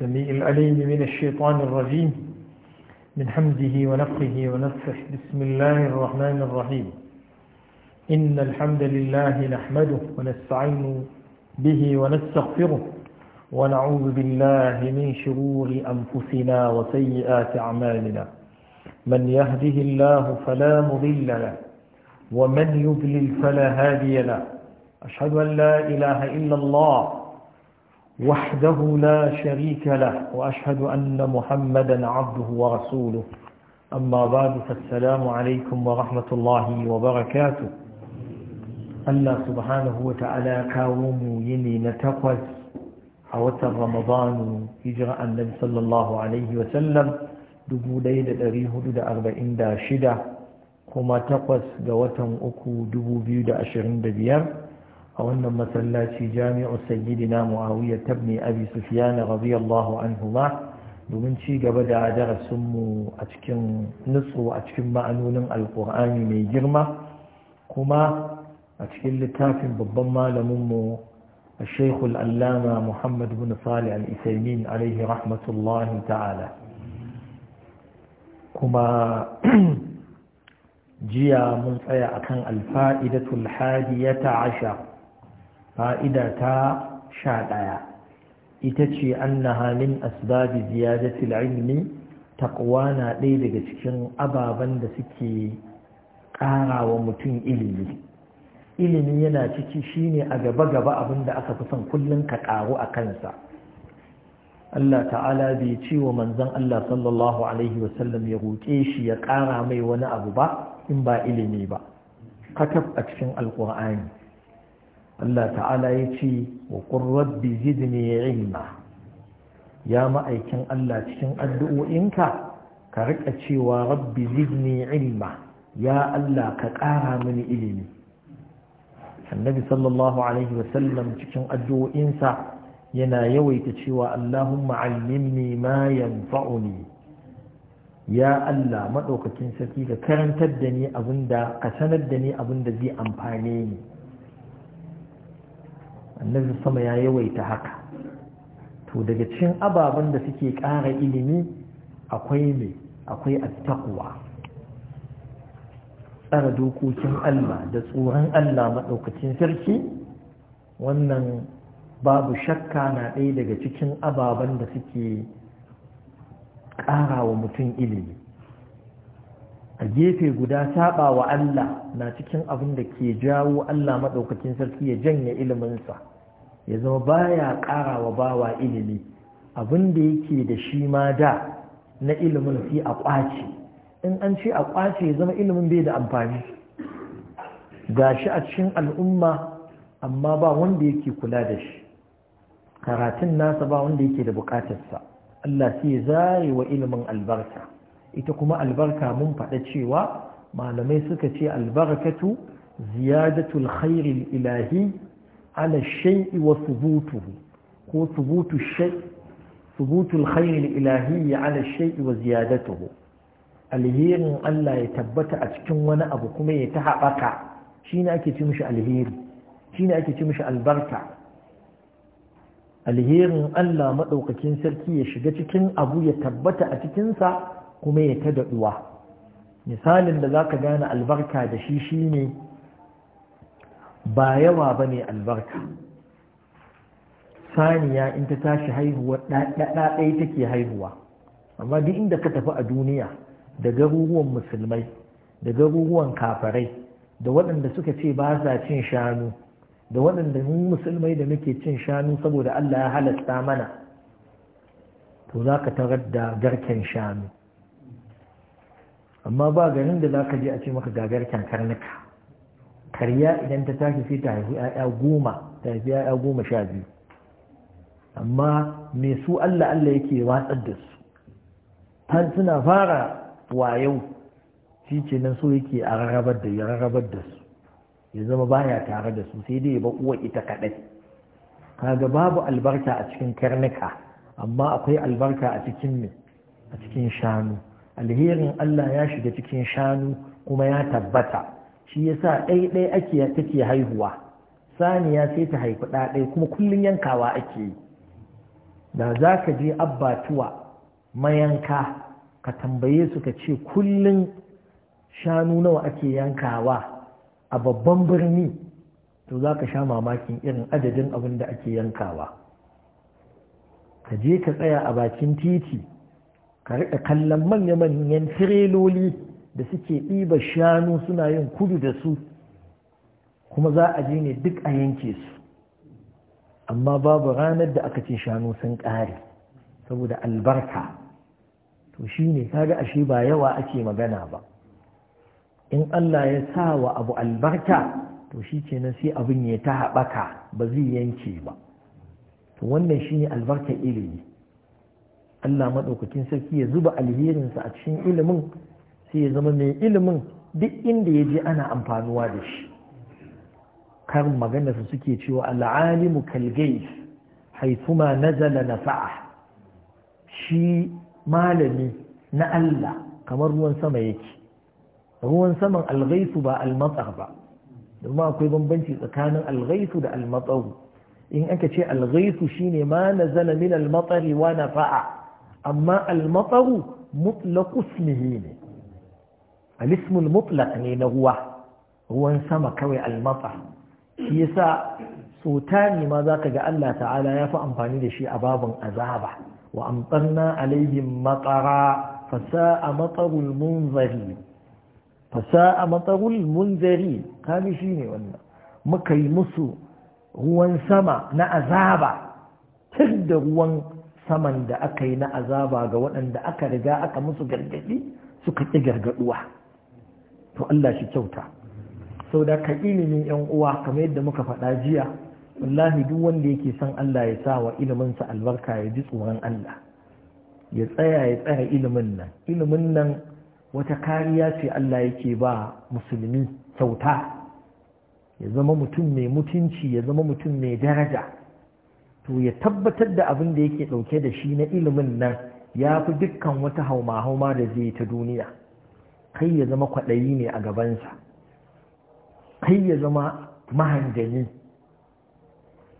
السميع العليم من الشيطان الرجيم من حمده ونفخه ونفخه بسم الله الرحمن الرحيم إن الحمد لله نحمده ونستعين به ونستغفره ونعوذ بالله من شرور أنفسنا وسيئات أعمالنا من يهده الله فلا مضل له ومن يضلل فلا هادي له أشهد أن لا إله إلا الله وحده لا شريك له وأشهد أن محمدا عبده amma أما بعد فالسلام عليكم ورحمة wa barakatu Allah subhanahu wa ta’ala kawo mu yini na takwas a watan Ramadanu hijira annabi sallallahu Alaihi da shida kuma takwas ga watan uku da da biyar. a wannan masallaci jami'u sayyidina muawiya tabni abi sufyan radiyallahu anhu domin ci gaba da darasin mu a cikin nutsu a cikin ma'anonin alqur'ani mai girma kuma a cikin littafin babban malamin mu الشيخ الألامة محمد بن صالح الإسيمين عليه رحمة الله تعالى كما جيا منطيع كان الفائدة الحادية عشر fa'ida ta sha ɗaya ita ce annaha min asbabi ziyadati ilmi taqwa na ɗaya daga cikin ababen da suke ƙara wa mutum ilimi ilimi yana ciki shine a gaba gaba abin da aka fi son kullum ka ƙaru a kansa Allah ta'ala bai ce wa manzon Allah sallallahu alaihi wasallam ya roƙe shi ya ƙara mai wani abu ba in ba ilimi ba katab a cikin alƙur'ani Allah ta'ala ya ce wa rabbi zidni ilma ya ma'aikin Allah cikin addu'o'inka ka rika cewa rabbi zidni ilma ya Allah ka ƙara mini ilimi annabi sallallahu alaihi wasallam cikin addu'o'insa yana yawaita cewa Allahumma allimni ma yanfa'uni ya Allah maɗaukakin sarki ka karantar da ni da ka sanar da ni abin da zai amfane ni annabi sama ya yawaita haka to daga cikin ababen da suke ƙara ilimi akwai ne akwai attaqwa tsara dokokin Allah da tsoron Allah maɗaukacin sarki wannan babu shakka na ɗaya daga cikin ababen da suke ƙara wa mutum ilimi a gefe guda saba wa Allah na cikin abin da ke jawo Allah maɗaukacin sarki ya janye iliminsa ya zama baya ƙara wa bawa ilimi abin da yake da shi ma da na ilimin si a ƙwace in an ce a ƙwace ya zama ilimin bai da amfani ga shi a cikin al'umma amma ba wanda yake kula da shi karatun nasa ba wanda yake da bukatarsa Allah sai zare wa ilimin albarka ita kuma albarka mun faɗa cewa malamai suka ce albarkatu ziyadatul khairil ilahi ala shay'i wa thubutuhu ko subutu shai, subutu al-khayr ala shay'i wa ziyadatuhu alherin Allah ya tabbata a cikin wani abu kuma ya ta haɓaka ne ake ce mishi alheri ne ake ce mishi albarka alherin Allah maɗaukakin sarki ya shiga cikin abu ya tabbata a cikinsa kuma ya ta daɗuwa misalin da za ka gane albarka da shi shine ba yawa ba ne albarka saniya in ta tashi haihuwa ɗaɗaɗai take haihuwa amma duk inda ka tafi a duniya da garuruwan musulmai da garuruwan kafarai da waɗanda suka ce ba sa cin shanu da waɗanda mu musulmai da muke cin shanu saboda Allah ya halasta mana to za ka tarar da garken shanu amma ba garin da za ka je a ce maka ga garken karnuka karya idan ta tashi sai ta haifi ‘ya'ya goma ta haifi ‘ya'ya goma sha biyu amma me su Allah Allah yake watsar da su har suna fara wayau shi ke nan so yake a rarrabar da ya rarrabar da su ya zama baya tare da su sai dai ba uwa ita kaɗai kaga babu albarka a cikin karnuka amma akwai albarka a cikin a cikin shanu alherin Allah ya shiga cikin shanu kuma ya tabbata shi yasa ɗai ɗai ake take haihuwa saniya sai ta haifi ɗaɗai kuma kullum yankawa ake yi da za ka je abbatuwa mayanka ka tambaye su ka ce kullum shanu nawa ake yankawa a babban birni to za ka sha mamakin irin adadin abin da ake yankawa ka je ka tsaya a bakin titi ka riƙa kallon manya-manyan tireloli da suke ɗiba shanu suna yin kudu da su kuma za a je ne duk a yanke su amma babu ranar da aka ce shanu sun ƙare saboda albarka to shi ne kaga ashe ba yawa ake magana ba in Allah ya sa wa abu albarka to shi ce nan sai abin ya ta haɓaka ba zai yanke ba to wannan shi ne albarka ilimi Allah maɗaukakin sarki ya zuba alherinsa a cikin ilimin sai ya zama mai ilimin duk inda ya je ana amfanuwa da shi karin maganar su suke cewa al'alimu kalgais haifuma nazala nafa'a shi malami na Allah kamar ruwan sama yake ruwan saman algaisu ba almatsar ba domin akwai bambanci tsakanin algaisu da almatsaru in aka ce algaisu shine ma nazala min almatsari wa nafa'a amma almatsaru mutlaqu ne alismul mutlaq ne na ruwa ruwan sama kawai almata shi yasa so tani ma zaka ga Allah ta'ala ya fi amfani da shi a babun azaba wa amtarna alaihim maqara fasa'a matarul munzari fasa'a matarul munzari kami shine wannan muka yi musu ruwan sama na azaba Tarda da ruwan saman da aka yi na azaba ga waɗanda aka riga aka musu gargaɗi suka ƙi gargaɗuwa to Allah shi kyauta sau da ka ilimin yan uwa kamar yadda muka faɗa jiya wallahi duk wanda yake son Allah ya sa wa iliminsa albarka ya ji tsoron Allah ya tsaya ya tsaya ilimin nan ilimin nan wata kariya ce Allah yake ba musulmi kyauta ya zama mutum mai mutunci ya zama mutum mai daraja to ya tabbatar da abin da yake ɗauke da shi na ilimin nan ya fi dukkan wata hauma-hauma da zai ta duniya kai ya zama kwaɗayi ne a gabansa kai ya zama mahanjani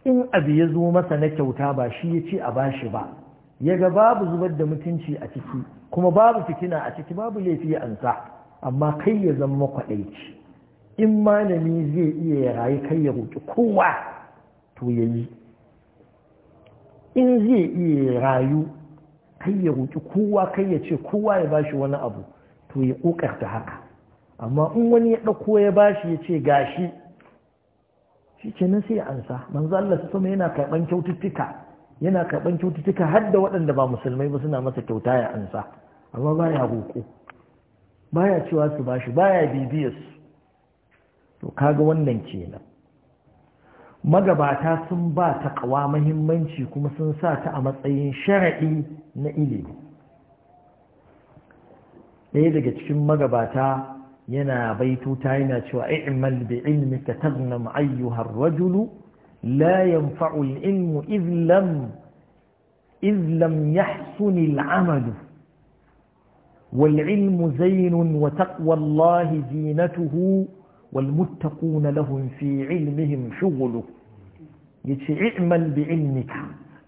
in abu ya zo masa na kyauta ba shi ya ce a bashi ba ya ga babu zubar da mutunci a ciki kuma babu fitina a ciki babu laifi ya ansa amma kai ya zama makwaɗaici in malami zai iya ya rayu kai ya roƙi kowa to ya yi in zai iya ya rayu kai ya roƙi kowa kai ya ce kowa ya bashi wani abu to ya kokarta haka amma in wani ya ɗauko ya bashi ya ce gashi shi nan sai ya ansa manzo Allah su sama yana karɓan kyaututtuka yana karɓan kyaututtuka har da waɗanda ba musulmai ba suna masa kyauta ya ansa amma baya roƙo baya cewa su bashi baya bibiya su to kaga wannan kenan magabata sun ba ta kawa mahimmanci kuma sun sa ta a matsayin sharaɗi na ilimi ɗaya daga cikin magabata yana baituta yana cewa i'mal bi ilmika taghnam ayyuha ar-rajulu la yanfa'u al-ilmu idh lam idh lam yahsun al-amal والعلم زين وتقوى الله زينته والمتقون لهم في علمهم شغله يتشي اعمل بعلمك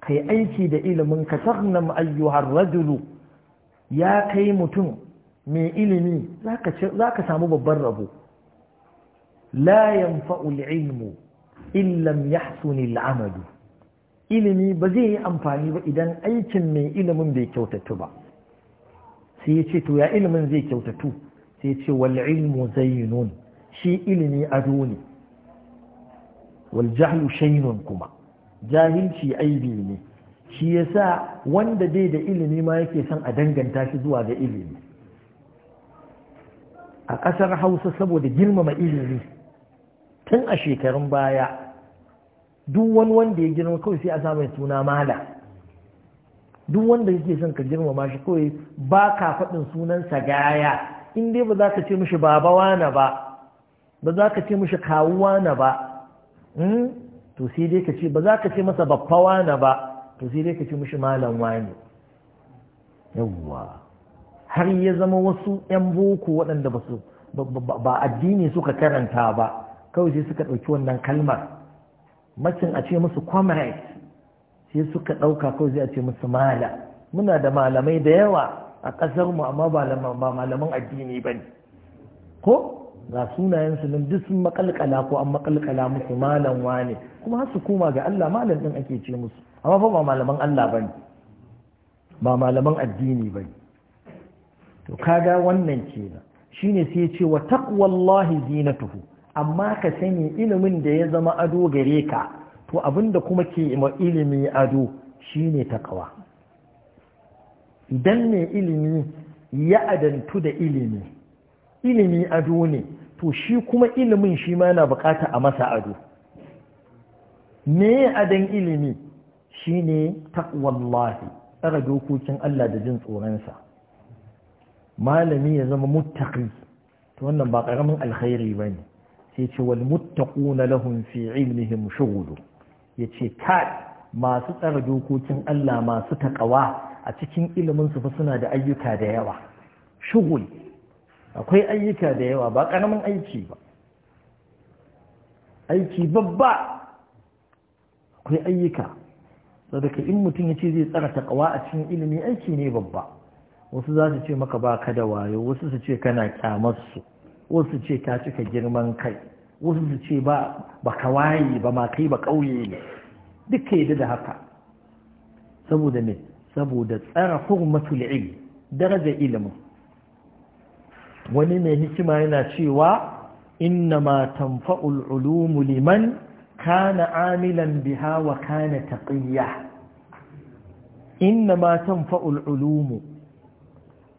كي أيكي دئيل منك تغنم أيها rajulu ya kai mutum mai ilimi za ka samu babban rabo la yanfa'ul ilmu illam suni La'amadu. ilimi ba zai yi amfani ba idan aikin mai ilimin bai kyautatu ba sai ya ce to ya ilimin zai kyautatu sai ya ce wal ilmu nun, shi ilimi ado ne wal jahlu nun kuma jahilci aibi ne shi ya sa wanda dai da ilimi ma yake son a danganta shi zuwa ga ilimi a ƙasar hausa saboda girmama ilimi tun a shekarun baya duk wani wanda ya girma kawai sai a samun suna mala duk wanda yake son ka girmama shi kawai ba ka faɗin sunansa gaya in dai ba za ka ce mishi baba na ba ba za ka ce mishi kawu na ba hmm? to sai dai ka ce ba za ka ce masa babba na ba to sai dai ka ce mishi malam wani yawwa har ya zama wasu 'yan boko waɗanda ba su ba addini suka karanta ba kawai sai suka ɗauki wannan kalmar macin a ce musu comrade sai suka ɗauka kawai zai a ce musu mala muna da malamai da yawa a ƙasar mu amma ba malaman addini ba ne ko ga su nan duk sun makalkala ko an makalkala musu malam wane kuma har su koma ga Allah malam ɗin ake ce musu amma fa ba malaman Allah ba ne ba malaman addini ba ne to kaga wannan kenan shine sai ya ce wa taqwallahi zinatuhu amma ka sani ilimin da ya zama ado gare ka to abinda kuma ke ma ilimi ado shine takawa idan ne ilimi ya adantu da ilimi ilimi ado ne to shi kuma ilimin shi ma yana bukata a masa ado me adan ilimi shine takwallahi, tsara dokokin Allah da jin tsoronsa malami ya zama muttaqi to wannan ba karamin alkhairi bane sai ce wal muttaquna lahum fi ilmihim shughulu yace ta masu tsara dokokin Allah masu takawa a cikin ilimin su fa suna da ayyuka da yawa shughul akwai ayyuka da yawa ba karamin aiki ba aiki babba akwai ayyuka sadaka in mutum ya ce zai tsara takawa a cikin ilimi aiki ne babba wasu za su ce maka ba ka da wayo wasu su ce kana kyamarsu wasu su ce ka cika girman kai wasu su ce ba ka waye ba ma kai ba ƙauye ne duk ka yi da haka saboda ne saboda tsara hurmatul ilm daraja ilimin wani mai hikima yana cewa inna ma tanfa'ul ulumu liman kana amilan biha wa kana taqiyya inna ma tanfa'ul ulumu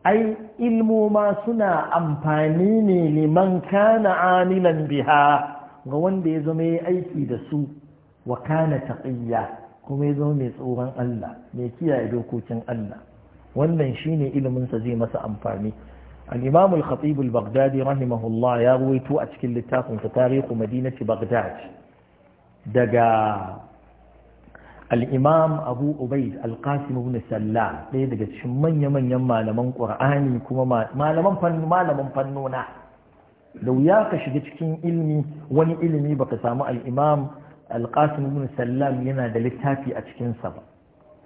ai ilmoma suna amfani ne liman kana amilan biha ga wanda ya zama ya aiki da su wa kana taqiyya kuma ya zama mai tsoron Allah mai kiyaye dokokin Allah wannan shine ilimin sa zai masa amfani al-Imam al-Khatib al-Baghdadi rahimahullah ya ruwaito a cikin littafin sa tarihu madinati Baghdad daga al'imam abu ubaid alƙasim ibn sallah ɗaya daga cikin manya-manyan malaman ƙur'ani kuma malaman fannu malaman fannona da wuya ka shiga cikin ilmi wani ilimi baka samu al'imam alƙasim ibn sallam yana da littafi a cikinsa ba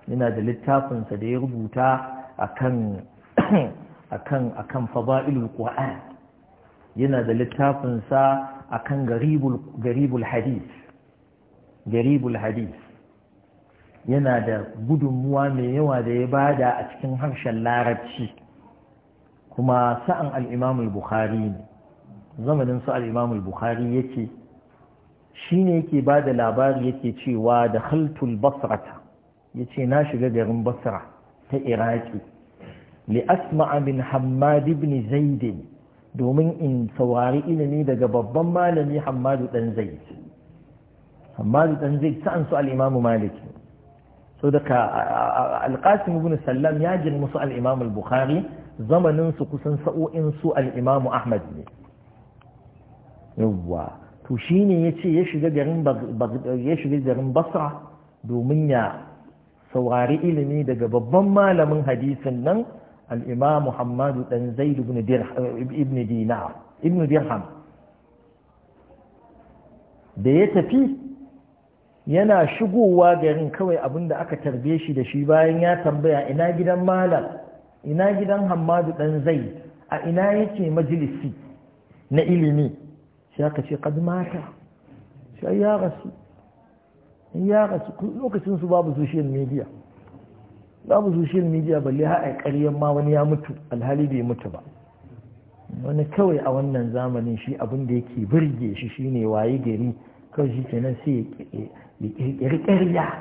yana da littafinsa da ya rubuta akan akan akan fada'ilul qur'an yana da littafinsa akan garibul garibul hadith garibul hadith yana da gudunmuwa mai yawa da ya bada a cikin harshen larabci kuma sa'an al'imamul bukhari ne zamanin su al'imamul bukhari yake shi ne yake ba da labari yake cewa da haltul basrata ya ce na shiga garin basra ta iraki li asma'a bin hammad ibn domin in saurari ilimi daga babban malami hammadu dan zaid hammadu dan zaid sa'an su al'imamu maliki so daga alƙasim ibn sallam ya girma su al'imam al-bukhari zamanin su kusan sa'o'in su al'imam ahmad ne yawwa to ne ya ce ya shiga garin basra domin ya saurari ilimi daga babban malamin hadisin nan al'imam muhammadu ɗan zaid ibn dirham da ya tafi yana shigowa garin kawai abin da aka tarbe shi da shi bayan ya tambaya ina gidan malam ina gidan hamadu dan zai a ina yake majalisi na ilimi shi aka ce kad mata shi ya rasu ya rasu lokacin su babu social media babu social media balle ha a ƙaryen ma wani ya mutu alhali bai mutu ba wani kawai a wannan zamanin shi abin da yake birge shi shine waye gari kawai shi kenan sai ya ƙirƙiri ya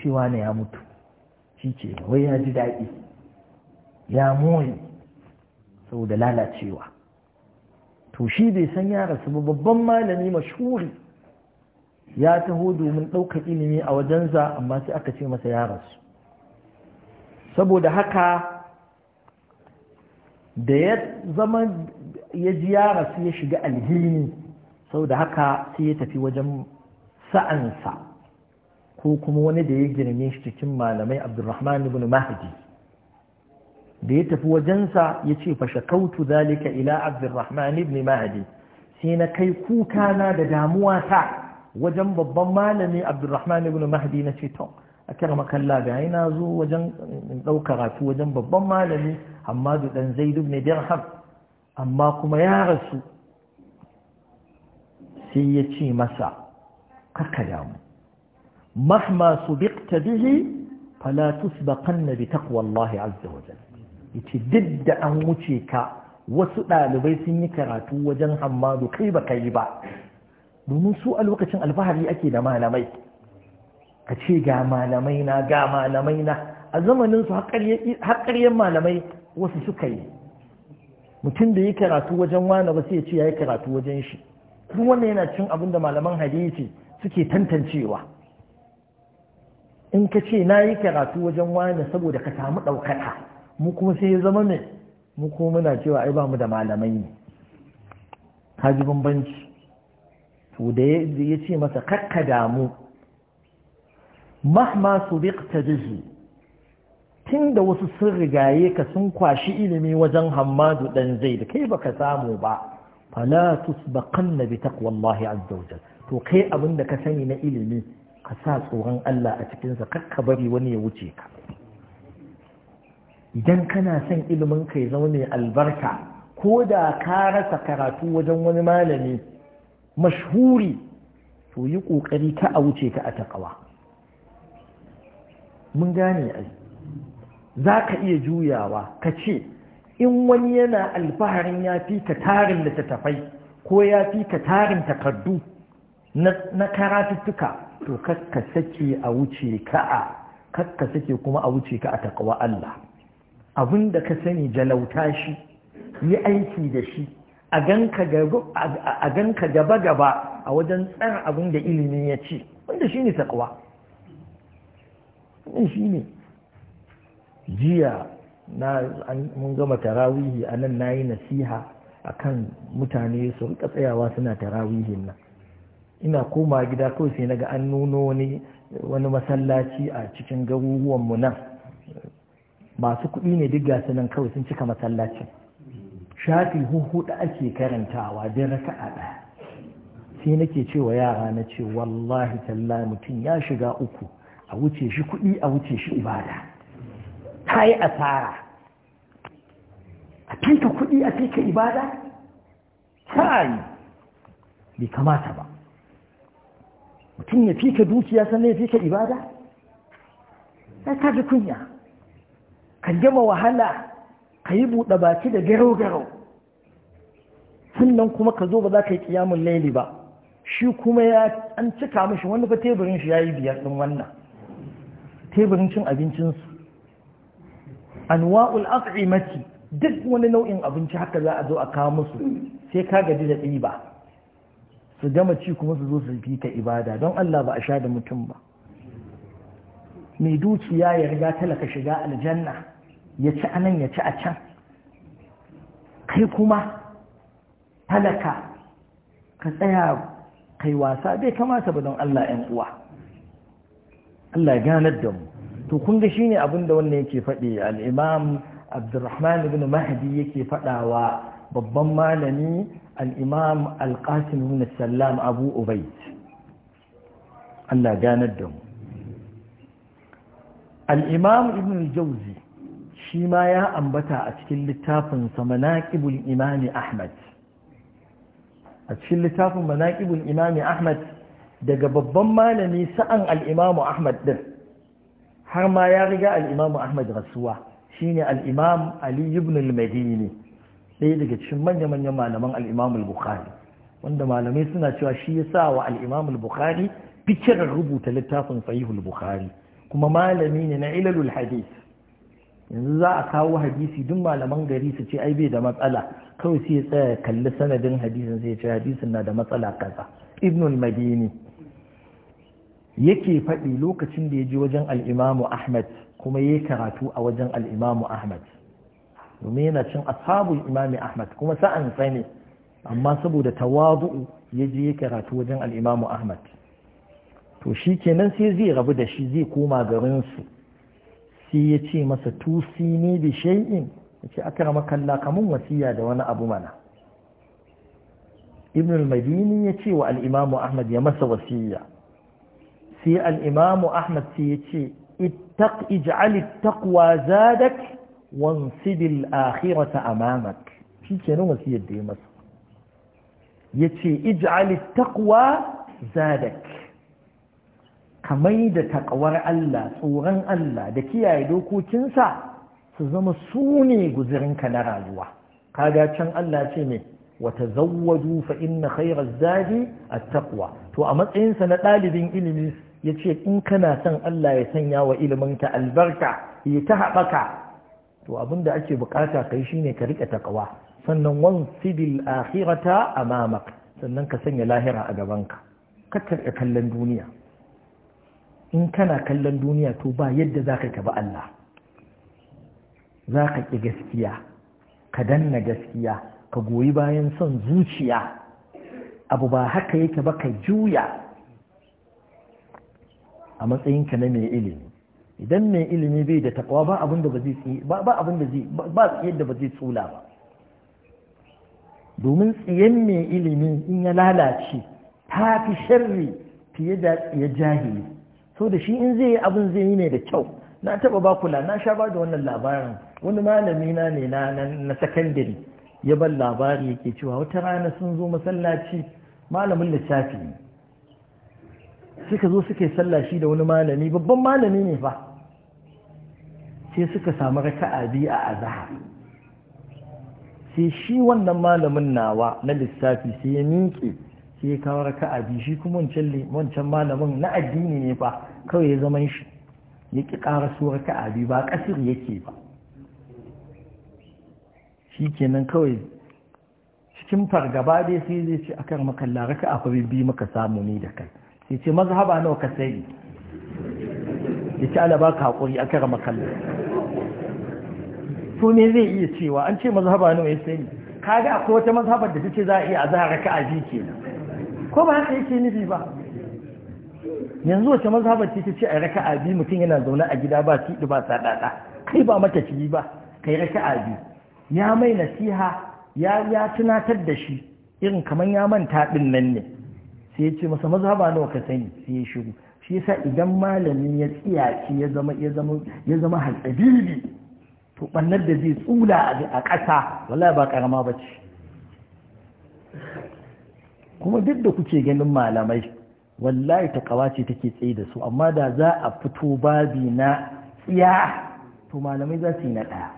ce wane ya mutu shi ce wai ya ji daɗi ya moye saboda lalacewa to shi bai san ya rasu ba babban malami mashuri ya taho domin ɗauka ilimi a wajensa amma sai aka ce masa ya rasu saboda haka da ya zama ya ji ya rasu ya shiga alhini da haka sai ya tafi wajen sa'ansa ko kuma wani da ya girme shi cikin malamai abdurrahman ibn mahdi da ya tafi wajensa ya ce fa kautu zalika ila abdurrahman ibn mahdi sai na kai kuka na da damuwa ta wajen babban malami abdurrahman ibn mahdi na ce to a kira makalla ga na zo wajen ɗaukar karatu wajen babban malami hamadu dan zaid ibn dirham amma kuma ya rasu sai ya ce masa kaka damu mahma subiqta bihi fala tusbaqanna bi taqwallahi azza wa jalla yace duk da an wuce ka wasu ɗalibai sun yi karatu wajen hammadu kai ba kai ba domin su a lokacin alfahari ake da malamai ka ce ga malamai na ga malamai na a zamanin su haƙaryen malamai wasu suka yi mutum da yi karatu wajen wani ba sai ya ce ya yi karatu wajen shi duk wannan yana cin abin da malaman hadisi suke tantancewa in ka ce na yi karatu wajen wane saboda ka samu ɗaukaka mu kuma sai ya zama ne mu kuma muna cewa ai ba mu da malamai ne ka ji bambanci to da ya ce masa kakka damu mahma su ta bihi tun da wasu sun rigaye ka sun kwashi ilimi wajen hammadu ɗan zai da kai baka samu ba fala tusbaqanna bi taqwallahi azza wajal to kai abin da ka sani na ilimi ka sa tsoron Allah a cikinsa kakka bari wani ya wuce ka idan kana son ilimin ka ya zama mai albarka ko da ka rasa karatu wajen wani malami mashhuri to yi ƙoƙari ka a wuce ka a taƙawa mun gane ai za ka iya juyawa ka ce in wani yana alfaharin ya fi ka tarin littattafai ko ya fi ka tarin takardu na karatuttuka to kakka sake a wuce ka'a kakka sake kuma a wuce ka a takawa Allah da ka sani jalauta shi yi aiki da shi a ganka gaba gaba a wajen tsara abin da ilimi ya ce wanda shi ne takawa wanda shi ne jiya na mun gama tarawihi a nan na yi nasiha akan mutane su rika tsayawa suna tarawihin nan ina koma gida kawai sai naga an nuno wani wani masallaci a cikin garuruwan mu nan masu kuɗi ne duk ga nan kawai sun cika masallacin shafi huhuɗa ake karantawa don raka'a ɗaya sai nake cewa yara na ce wallahi talla mutum ya shiga uku a wuce shi kuɗi a wuce shi ibada ta yi asara a fika kuɗi a fika ibada sa'ayi bai kamata ba mutum ya fi ka dukiya sannan ya fi ka ibada ya ta fi kunya ka gama wahala ka yi buɗe baki da garau-garau sannan kuma ka zo ba za ka yi ƙiyamun laili ba shi kuma ya an cika mashi wani fa teburin shi ya yi biyar ɗin wannan teburin cin abincinsu An anwa'ul mati duk wani nau'in abinci haka za a zo a kawo musu sai ka gaji da ɗiba su gama ci kuma su zo su fi ibada don Allah ba a sha da mutum ba mai dukiya ya riga talaka shiga aljanna ya ci anan ya ci a can kai kuma talaka ka tsaya kai wasa bai kamata ba don Allah ‘yan uwa Allah ganar da mu to kun ga shine abin da wannan yake faɗi al'imam abdurrahman ibn mahdi yake faɗawa babban malami al'imam alƙasin nuna sallam abu ubaid Allah ganar da mu al'imam ibn jauzi shi ma ya ambata a cikin littafinsa manaƙibul imami ahmad a cikin littafin manaƙibul imami ahmad daga babban malami sa'an al'imamu ahmad ɗin har ma ya riga al'imamu ahmad rasuwa shine al'imam ali ibn al-madini ɗaya daga cikin manya-manyan malaman al bukhari wanda malamai suna cewa shi ya sa wa Al'imamul al-Bukhari fikirar rubuta littafin Sahihul Bukhari kuma malami ne na ilalul hadis, yanzu za a kawo hadisi duk malaman gari su ce ai bai da matsala kawai sai ya tsaya kalli sanadin hadisin sai ya ce hadisin na da matsala kaza ibnul madini yake faɗi lokacin da ya je wajen al'imamu ahmad kuma ya karatu a wajen al'imamu ahmad domin yana cin ashabul imami ahmad kuma sa'an sai ne amma saboda tawazu ya je ya karatu wajen al'imamu ahmad to shi kenan sai zai rabu da shi zai koma su sai ya ce masa tusi ne bi shay'in ya ce aka rama kalla kamun wasiya da wani abu mana ibn al-madini ya ce wa al'imamu ahmad ya masa wasiya sai al'imamu ahmad sai ya ce ij'al zadak wansibil akhirata amamak shi kenan wasiyar da ya masa yace ij'al taqwa zadak kamai da taƙawar Allah tsoron Allah da kiyaye dokokinsa su zama su ne guzurinka na rayuwa kaga can Allah ce ne wata zawwaju fa inna khairaz zadi at-taqwa to a matsayinsa na ɗalibin ilimi yace in kana son Allah ya sanya wa iliminka albarka ya ta haɓaka to abin da ake bukata kai shine ka rike takawa sannan wansibil akhirata amamak sannan ka sanya lahira a gabanka kakka kallon duniya in kana kallon duniya to ba yadda za ka kaba Allah za ka ƙi gaskiya ka danna gaskiya ka goyi bayan son zuciya abu ba haka yake ba ka juya a matsayinka na mai ilimi idan mai ilimi bai da takwa ba abin da ba zai ba abin da zai ba tsiyar da ba zai tsula ba domin tsiyan mai ilimi in ya lalace ta fi sharri fiye da ya jahili so da shi in zai yi abin zai yi ne da kyau na taba ba kula na sha ba da wannan labarin wani malami na ne na na sakandare ya bar labari yake cewa wata rana sun zo masallaci malamin littafi suka zo suka yi sallah shi da wani malami babban malami ne fa sai suka samu raka'a biyu a azahar sai shi wannan malamin nawa na lissafi sai ya miƙe sai ya kawo raka'a biyu shi kuma wancan malamin na addini ne ba kawai ya zama shi ya ƙi ƙara su raka'a biyu ba ƙasir yake ba shi kenan kawai cikin fargaba dai sai zai ce akan makalla raka'a fa bi maka samu ne da kai sai ce mazhaba nawa ka sai ya ci ala baka haƙuri a kara makalla to ne zai iya cewa an ce mazhaba nawa ya sani ga akwai wata mazhabar da ta za a iya a zara raka a kenan ko ba haka yake nufi ba yanzu wace mazhabar ce ta ce a raka bi mutum yana zaune a gida ba tiɗi ba kai ba mata ciki ba kai raka'a biyu ya mai nasiha ya ya tunatar da shi irin kamar ya manta din nan ne sai ya ce masa mazhaba nawa ka sani sai ya shiru shi yasa idan malami ya tsiyaci ya zama ya zama ya zama to bannar da zai tsula a ƙasa wallahi ba karama ba ce kuma duk da kuke ganin malamai wallahi ta ce take tsaye da su amma da za a fito babi na tsiya to malamai za su yi na ɗaya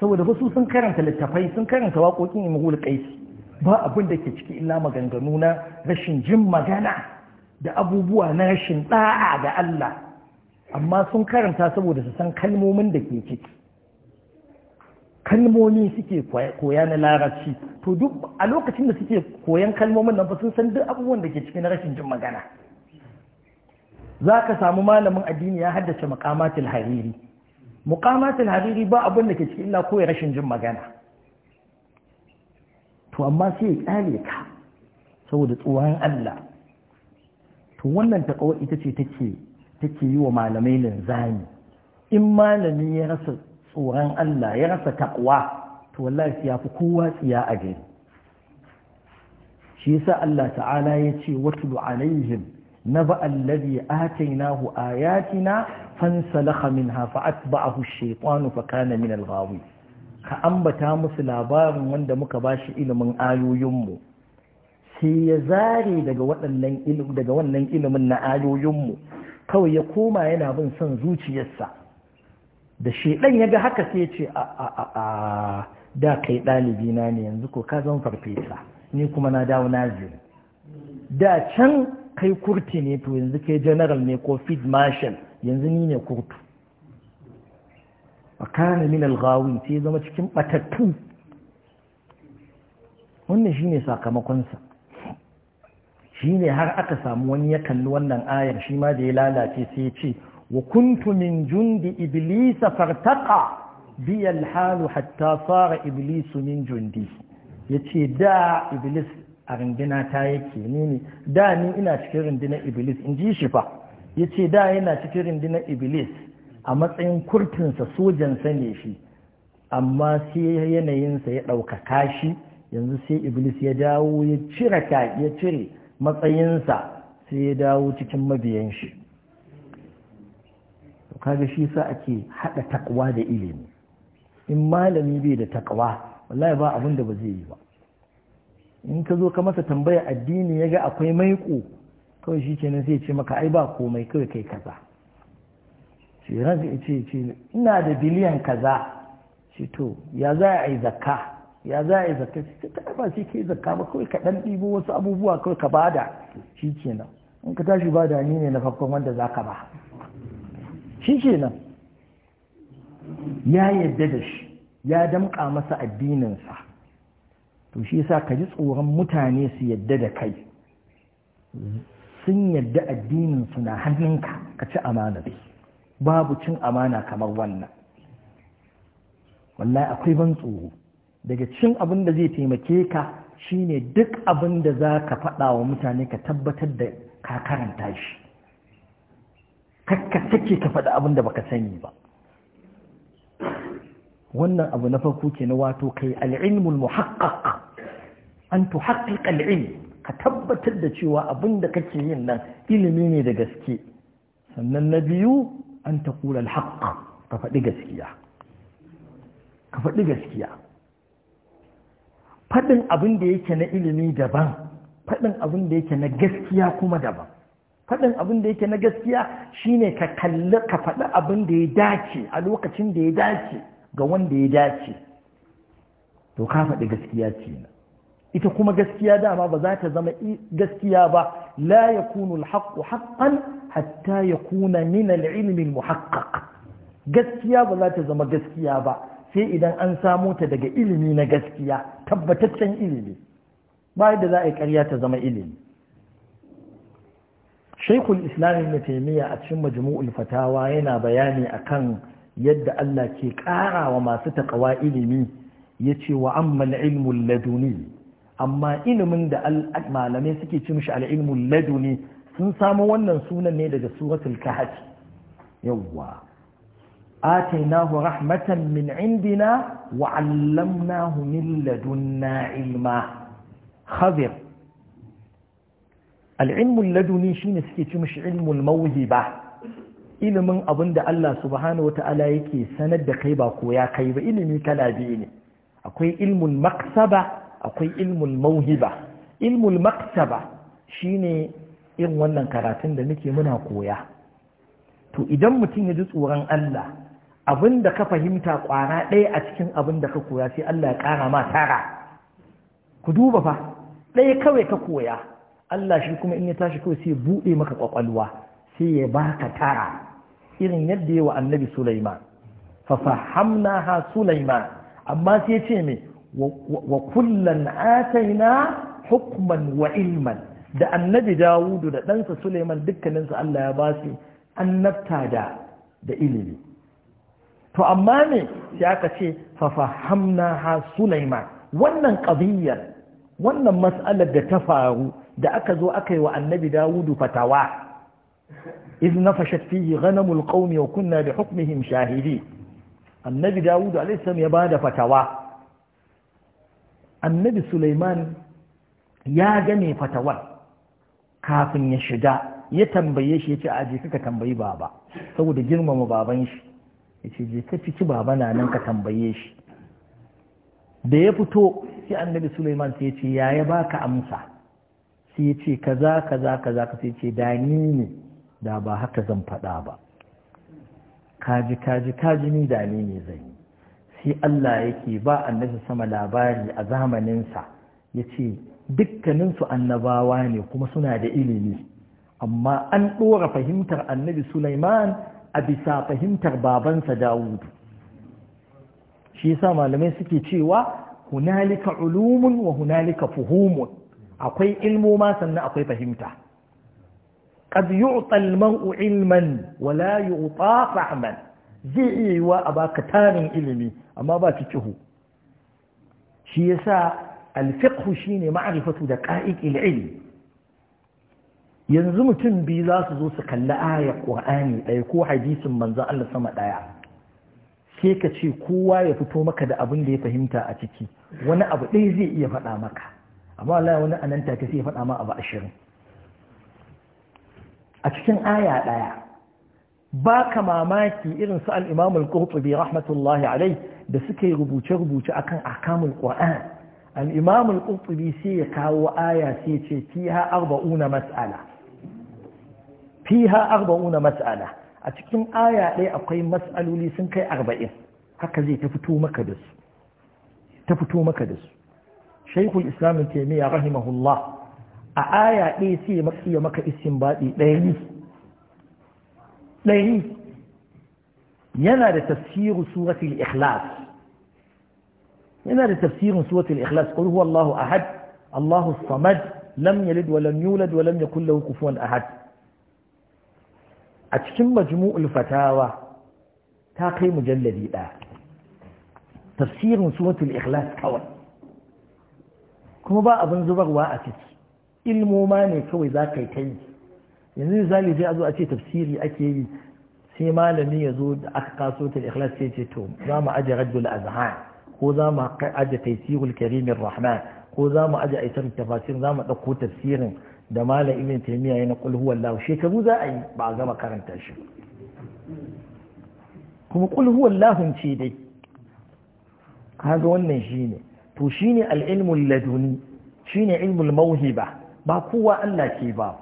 saboda ba su sun karanta littafai sun karanta waƙoƙin imhul kaisi ba abin da ke ciki illa maganganu na rashin jin magana da abubuwa na rashin ɗa'a ga Allah amma sun karanta saboda su san kalmomin da ke ciki kalmomi suke koya na larabci to duk a lokacin da suke koyan kalmomin nan fa sun san duk abubuwan da ke ciki na rashin jin magana za samu malamin addini ya haddace muqamatul hariri muqamatul hariri ba abin da ke ciki illa koyi rashin jin magana to amma sai ya kale ka saboda tsoron Allah to wannan taƙawar ita ce take yi wa malamai linzami in malami ya rasa tsoron Allah ya rasa taƙwa to wallahi ya fi kowa tsiya a gari shi yasa Allah ta'ala ya ce watulu alaihim naba allazi atainahu ayatina fansalakha minha fa atba'ahu ash-shaytanu fa kana min al ka ambata musu labarin wanda muka bashi ilimin ayoyinmu mu sai ya zare daga waɗannan daga wannan ilimin na ayoyinmu kawai ya koma yana bin son zuciyarsa da shedan ya ga haka sai ya ce a a a da kai ɗalibi na ne yanzu ko ka zan farfesa ni kuma na dawo na naziri da can kai kurti ne to yanzu kai general ne ko field marshal yanzu ni ne kurtu a kana min alghawin sai zama cikin batattu wannan shine sakamakonsa shine har aka samu wani ya kalli wannan ayar shi ma da ya lalace sai ya ce wa kuntu min jundi iblisa fartaka bi alhalu hatta fara iblisu min jundi Ya ce da iblis a rindina ta yake ni ne da ni ina cikin rindina iblis in ji shi fa Ya ce da yana cikin rindina iblis a matsayin kurtinsa sojansa ne shi amma sai yanayinsa ya ɗaukaka shi yanzu sai iblis ya dawo ya cire ya cire matsayinsa sai ya dawo cikin mabiyan shi kaga shi sa ake haɗa takwa da ilimi in malami bai da takwa wallahi ba abin da ba zai yi ba in ka zo ka masa tambaya addini ya ga akwai maiko kawai shi nan zai ce maka ai ba komai kawai kai kaza ce ran ce ce ina da biliyan kaza shi to ya za a yi zakka ya za a yi zaka shi ta ba shi ke zakka ba kawai ka ɗan ɗibo wasu abubuwa kawai ka bada shi kenan in ka tashi bada ni ne na farkon wanda za ka ba shi kenan ya yadda da shi ya damƙa masa addininsa to shi yasa ka ji tsoron mutane su yadda da kai sun yadda addininsu na hannunka ka ci amana babu cin amana kamar wannan wallahi akwai ban tsoro daga cin abin da zai taimake ka shine duk abin da za ka faɗa wa mutane ka tabbatar da ka karanta shi kakka take ka faɗa abin da baka sani ba wannan abu na farko ke na wato kai al'ilmul haƙaƙa. an tuhaqqiq al'ilm ka tabbatar da cewa abin da kake yin nan ilimi ne da gaske sannan na biyu an taqula al ka faɗi gaskiya faɗin abin da yake na ilimi daban faɗin abin da yake na gaskiya kuma daban faɗin abin da yake na gaskiya shine ka kalli ka faɗi abin da ya dace a lokacin da ya dace ga wanda ya dace to ka faɗi gaskiya ce ita kuma gaskiya dama ba za ta zama gaskiya ba la ya kunu haqqu haqqan hatta yakuna min al-ilmi al-muhaqqaq gaskiya ba za ta zama gaskiya ba sai idan an samo ta daga ilimi na gaskiya tabbataccen ilimi ba da za a yi karya ta zama ilimi shaikul islam na taimiyya a cikin majmu'ul fatawa yana bayani akan yadda Allah ke ƙara wa masu taƙawa ilimi ya ce wa amma ilmul laduni amma ilimin da malamai suke ci shi al-ilmul laduni sun samu wannan sunan ne daga suratul kahf yawwa آتيناه رحمة من عندنا وعلمناه من لدنا علما خضر العلم اللدني suke سكيتي مش علم الموهبة ilimin abin da Allah subhanahu wata'ala yake sanar da kai ba koya, kai ba ilimi kala biyu ne akwai ilmun maksaba akwai ilmul mauhiba ilmul maksaba shine irin wannan karatun da muke muna koya to idan mutum ya ji tsoron Allah abin da ka fahimta kwana ɗaya a cikin abin da ka koya sai Allah ya ƙara ma tara ku duba fa ɗaya kawai ka koya Allah shi kuma in ya tashi kawai sai buɗe maka ƙwaƙwalwa sai ya baka tara irin yadda ya wa annabi Sulaiman fa ha Sulaiman amma sai ce me wa kullan ataina hukman wa ilman da annabi Dawudu da ɗansa Sulaiman dukkaninsu Allah ya ba su annabta da ilimi to amma ne sai aka ce fafahamna ha Sulaiman wannan qadiyyar wannan mas'alar da ta faru da aka zo aka yi wa annabi Dawudu fatawa iz nafashat fihi ghanamul qaumi wa kunna bi hukmihim shahidi annabi Dawudu alayhi salam ya bada fatawa annabi Sulaiman ya gane fatawar kafin ya shiga ya tambaye shi ya ce aje kaka tambayi baba saboda girmama baban shi Yace je ka ciki baba na nan ka tambaye shi da ya fito sai annabi suleiman sai ya ce ya ya baka amsa sai ya ce kaza kaza kaza sai ce da ni ne da ba haka zan faɗa ba kaji kaji kaji ni da ni ne zan yi sai Allah yake ba annabi sama labari a zamanin sa. yace ce dukkaninsu annabawa ne kuma suna da ilimi amma an ɗora fahimtar annabi Sulaiman a bisa fahimtar babansa Dawudu shi yasa malamai suke cewa hunalika ulumun wa hunalika fuhumun akwai ilmo ma sannan akwai fahimta qad yu'ta al-mar'u ilman wa la yu'ta fahman zai wa a baka tarin ilimi amma ba fiqhu shi yasa al-fiqhu shine ma'rifatu da qa'iq al-ilm yanzu mutum biyu za su zo su kalli ayar ƙur'ani ɗaya ko hadisin manzan Allah sama ɗaya Ke ka ce kowa ya fito maka da abin da ya fahimta a ciki wani abu ɗaya zai iya faɗa maka amma Allah wani anan take sai ya faɗa ma abu ashirin a cikin aya ɗaya ba ka mamaki irin su al'imamu al-qurtubi rahmatullahi alai da suke rubuce-rubuce akan akamul qur'an al'imamu al-qurtubi sai ya kawo aya sai ce fiha arba'una mas'ala fiha arba'una mas'ala a cikin aya ɗaya akwai mas'aloli sun kai arba'in haka zai ta fito maka da su ta fito maka da su rahimahullah a aya ɗaya sai maka iya maka isin baɗi ɗari ɗari yana da tafsirin suratul ikhlas yana da tafsirin suratul ikhlas qul huwallahu ahad allahu samad lam yalid wa lam yulad wa lam yakul lahu kufuwan ahad a cikin majmu'ul fatawa ta kai mujalladi ɗaya tafsirin suratul ikhlas kawai kuma ba abin zubarwa a ciki ilmoma ne kawai za ka yi yi yanzu misali sai a zo a ce tafsiri ake yi sai malami ya zo da aka kaso ta ikhlas sai ce to za mu aje rajul azhan ko za mu aje taysirul karimin rahman ko za mu aje aitar tafasir za mu ɗauko tafsirin da malam ibn taymiya yana qul huwallahu shekaru za a yi ba a gama karanta shi kuma qul huwallahu ce dai kaga wannan ne. to shi ne ilmul laduni ne ilmul mauhiba ba kowa Allah ke ba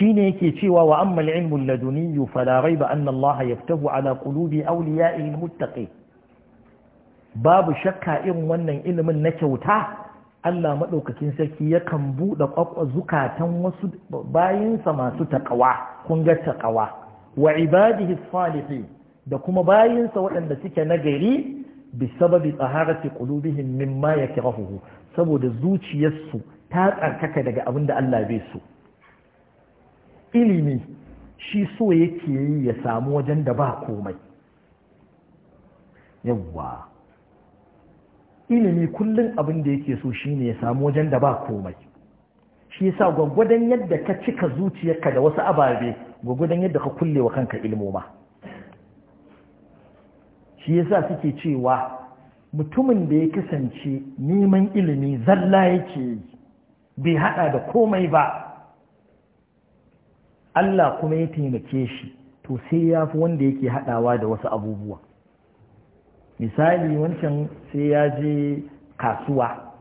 ne yake cewa wa amma al-ilmul laduni ba raiba anna Allah yaftahu ala qulubi auliya al babu shakka irin wannan ilimin na kyauta Allah maɗaukakin sarki yakan buɗe zukatan wasu bayinsa masu taƙawa kun ga taƙawa wa ibadihi salihin da kuma bayinsa waɗanda suke nagari bi sababi tsaharati ya mimma yakrahuhu saboda zuciyarsu ta tsarkaka daga abin da Allah bai so ilimi shi so yake yi ya samu wajen da ba komai yawwa ilimi kullum abin da yake so shine ya samu wajen da ba komai shi yasa gwagwadon yadda ka cika zuciyarka da wasu ababe gwagwadon yadda ka kulle wa kanka ilmoma shi yasa suke cewa mutumin da ya kasance neman ilimi zalla yake yi bai haɗa da komai ba Allah kuma ya taimake shi to sai ya fi wanda yake haɗawa da wasu abubuwa misali wancan sai ya je kasuwa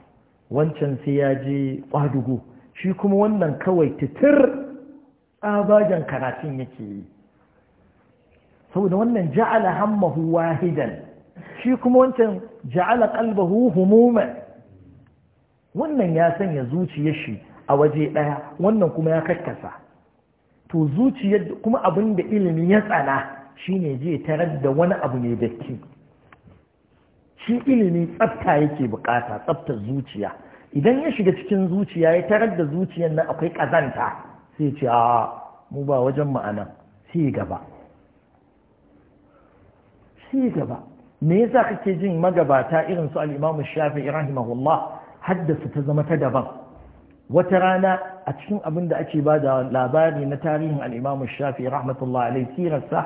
wancan sai ya je kwadugo shi kuma wannan kawai titir tsabagen karatun yake yi saboda wannan ja'ala hammahu wahidan shi kuma wancan ja'ala kalbahu humuman wannan ya sanya zuciyar shi a waje ɗaya wannan kuma ya kakkasa to zuciyar kuma abin da ilimi ya tsana shine je tarar da wani abu mai datti shi ilimi tsafta yake bukata tsaftar zuciya idan ya shiga cikin zuciya ya tarar da zuciyar nan akwai kazanta sai ce a mu ba wajen ma'ana sai gaba sai gaba me yasa kake jin magabata irin su al-Imam Shafi'i rahimahullah haddasa ta zama ta daban wata rana a cikin abin da ake ba da labari na tarihin al Shafi Shafi'i rahmatullah alayhi sirarsa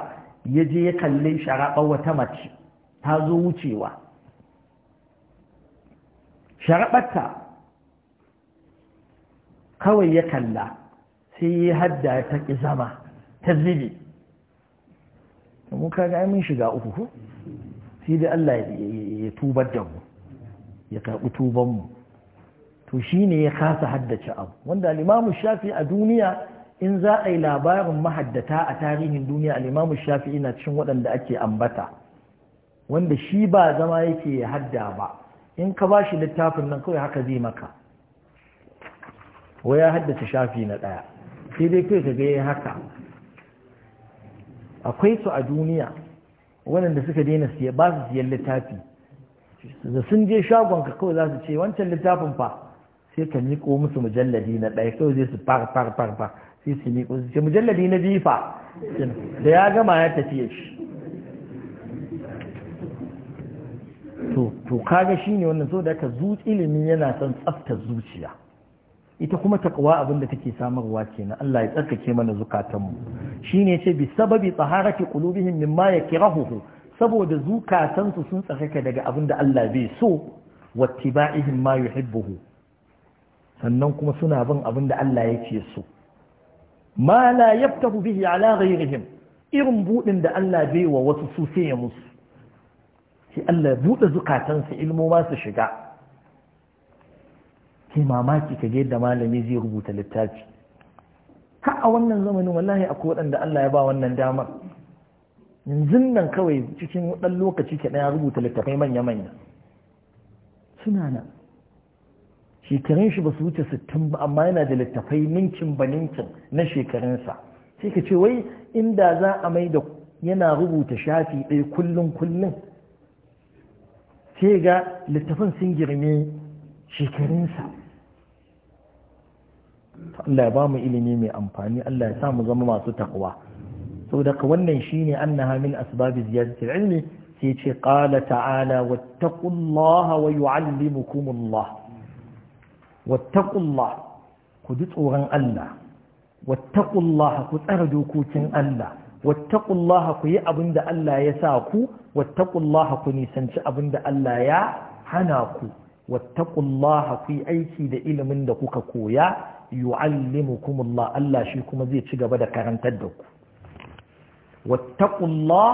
ya je ya kalle sharaɓar wata mace ta zo wucewa sharaɓarta kawai ya kalla sai ya hadda ta ƙi zama ta zibi mu kaga min shiga uku sai dai Allah ya tubar da mu ya karɓi tubanmu to shi ne ya kasa haddace abu wanda alimamu shafi a duniya in za a yi labarin mahaddata a tarihin duniya alimamu shafi ina cin waɗanda ake ambata wanda shi ba zama yake ya hadda ba in ka ba shi littafin nan kawai haka zai maka wa ya haddace shafi na ɗaya sai dai kai ka gaya haka akwai su a duniya waɗanda suka daina siya ba su siyan littafi da sun je shagon ka kawai za su ce wancan littafin fa sai ka miƙo musu mujalladi na ɗaya kawai zai su far far far far sai su miƙo su ce mujalladi na biyu fa da ya gama ya tafiye shi to to kaga shine wannan so da ka zuci ilimi yana son tsaftar zuciya ita kuma taqwa abin da take samarwa kenan Allah ya tsarkake mana zukatanmu shine yace bi sababi taharati qulubihim mimma yakrahuhu saboda zukatansu sun tsakaka daga abin da Allah bai so wattiba'ihim ma yuhibbuhu sannan kuma suna bin abin da Allah yake so ma la yaftahu bihi ala ghayrihim irin budin da Allah bai wa wasu su sai ya musu shi Allah buɗe zukatansa ilmo ma su shiga ke mamaki ka yadda malami zai rubuta littafi ka a wannan zamanin wallahi akwai waɗanda Allah ya ba wannan damar yanzu nan kawai cikin ɗan lokaci ke ɗaya rubuta littafai manya-manya suna nan shekarun shi ba su wuce sittin ba amma yana da littafai ninkin ba ninkin na shekarunsa sai ka ce wai inda za a mai da yana rubuta shafi ɗaya kullum kullum sai ga littafin sun girme shekarunsa Allah ya ba mu ilimi mai amfani Allah ya sa mu zama masu takwa so daga wannan shine na min asbabi ziyarci ilmi sai ce qala ta'ala wattaqullaha wa yu'allimukumullah wattaqullah ku ji tsoron Allah wattaqullah ku tsara dokokin Allah wattakullaha ku yi abin da Allah ya sa ku wattaqullaha ku nisanci abin da Allah ya hana ku wattaqullaha ku yi aiki da ilimin da kuka koya yu'allimukumullah Allah shi kuma zai ci gaba da karantar da ku wattaqullah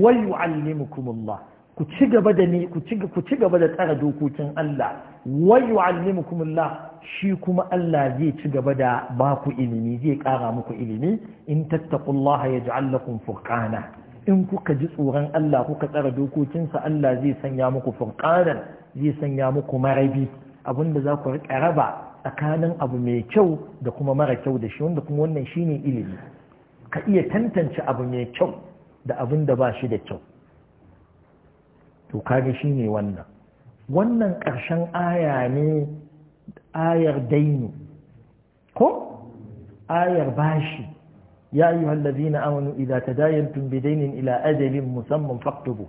wa yu'allimukumullah ku ci gaba da ni ku ci gaba da tsara dokokin Allah wa yu'allimukumullah shi kuma Allah zai ci gaba da ba ku ilimi zai ƙara muku ilimi in ya ji allakun furkana. in kuka ji tsoron Allah kuka tsara dokokinsa Allah zai sanya muku furkanar zai sanya muku marabi abinda za ku riƙa raba tsakanin abu mai kyau da kuma mara kyau da shi wanda kuma wannan shine ilimi ka iya tantance abu mai kyau da abin da ba shi da kyau to kaga shine wannan wannan ƙarshen aya ne ayar dainu ko ayar bashi ya yi ayyuhal na amanu ta tadayantum bidainin ila ajalin musamman faktubu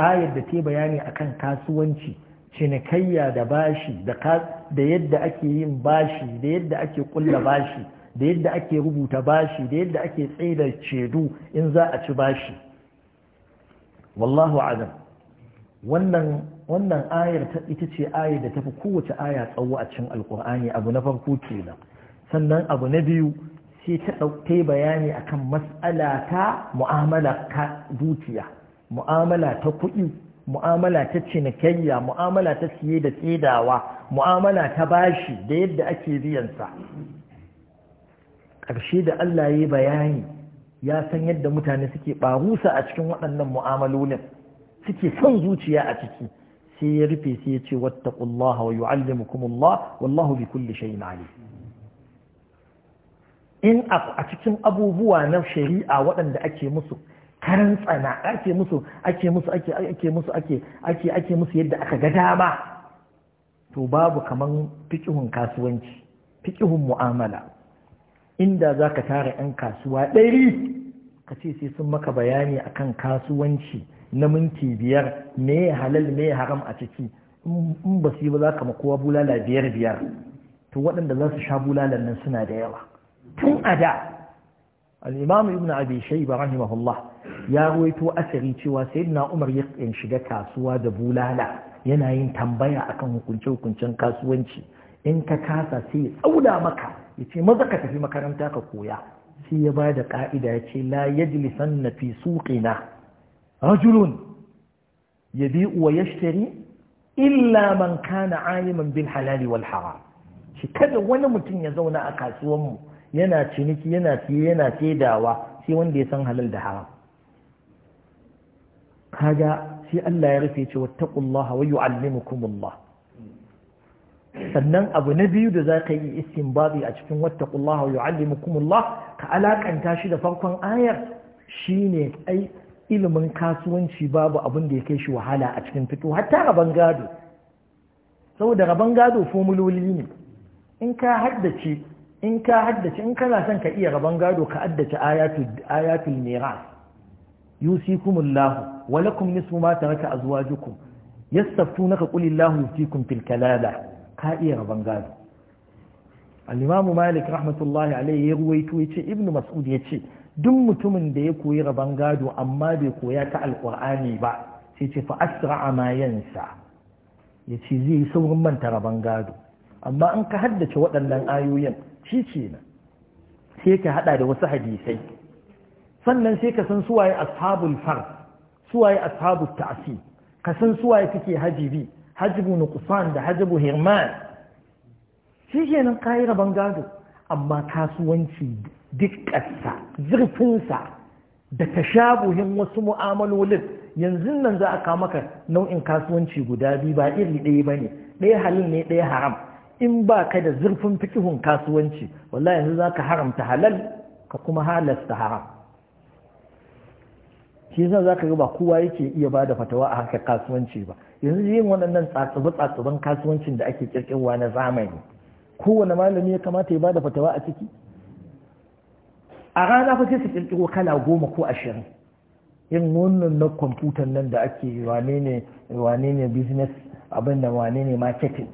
ayar da ke bayani akan kasuwanci cinikayya da bashi da yadda ake yin bashi da yadda ake kulla bashi da yadda ake rubuta bashi da yadda ake tsaida cedu in za a ci bashi wallahu adam wannan wannan ayar ita ce ayar da tafi kowace aya tsawo a cikin alkur'ani abu na farko kenan sannan abu na biyu sai ta ɗauke bayani akan mas'ala ta mu'amala ta dukiya mu'amala ta kuɗi mu'amala ta cinikayya mu'amala ta siye da tsedawa mu'amala ta bashi da yadda ake biyansa ƙarshe da Allah ya yi bayani ya san yadda mutane suke ɓarusa a cikin waɗannan mu'amalolin suke son zuciya a ciki sai ya rufe sai ya ce wattaqullaha wa yu'allimukumullah wallahu bi kulli shay'in alim in a cikin abubuwa na shari'a waɗanda ake musu karan tsana ake musu ake musu ake musu ake ake ake musu yadda aka ga dama to babu kaman fiqhun kasuwanci fiqhun mu'amala inda zaka tara 'yan kasuwa ɗari ka ce sai sun maka bayani akan kasuwanci na minti biyar me halal me haram a ciki in ba su yi ba za ka kowa bulala biyar biyar to waɗanda za su sha bulalan nan suna da yawa tun a da al'imamu ibn abi shaiba rahimahullah ya ruwaito asiri cewa sayyidina umar ya shiga kasuwa da bulala yana yin tambaya akan hukunce-hukuncen kasuwanci in ka kasa sai ya tsauda maka ya ce maza ka tafi makaranta ka koya sai ya ba da ƙa'ida ya ce la yajlisan na fi suƙina rajulun ya bi uwa ya illa man kana aliman bil halali wal haram shi kada wani mutum ya zauna a kasuwanmu yana ciniki yana siye yana saidawa sai wanda ya san halal da haram kaga sai Allah ya rufe ce wattaqullaha wa yu'allimukumullah sannan abu na biyu da za ka yi istinbabi a cikin wattaqullaha wa yu'allimukumullah ka alakanta shi da farkon ayar shine ai ilimin kasuwanci babu abin da ya kai shi wahala a cikin fito hatta rabon gado saboda rabon gado fomuloli ne in ka haddace in ka haddace in kana son ka iya rabon gado ka haddace ayatul ayatul miras yusikumullahu wa lakum nisfu ma taraka azwajukum yastafunaka qulillahu yusikum fil kalala ka iya rabon gado al malik rahmatullahi alaihi ya ruwaito yace ibnu mas'ud ce, duk mutumin da ya koyi rabon gado amma bai koya ta Alƙur'ani ba sai ce fa asra ma yansa yace zai yi saurin manta rabon gado amma an ka haddace waɗannan ayoyin shi ce na sai ka haɗa da wasu hadisai sannan sai ka san suwaye ashabul far suwaye ashabul ta'asi ka san suwaye kake hajibi hajibu nuqsan da hajibu hirman shi kenan kayi rabon gado amma kasuwanci dukkansa zurfinsa da tashabuhin wasu mu'amalolin yanzu nan za a kawo maka nau'in kasuwanci guda biyu ba iri ɗaya ba ne ɗaya halin ne ɗaya haram in ba ka da zurfin fikihun kasuwanci wallahi yanzu za ka haramta halal ka kuma halasta haram shi yasa za ka ga ba kowa yake iya bada fatawa a harkar kasuwanci ba yanzu yin waɗannan tsatsubi-tsatsuban kasuwancin da ake kirkirwa na zamani kowane malami ya kamata ya bada fatawa a ciki a rana fa sai su kirkiro kala goma ko ashirin yin wannan na kwamfutan nan da ake wane ne wane ne business abin da wane ne marketing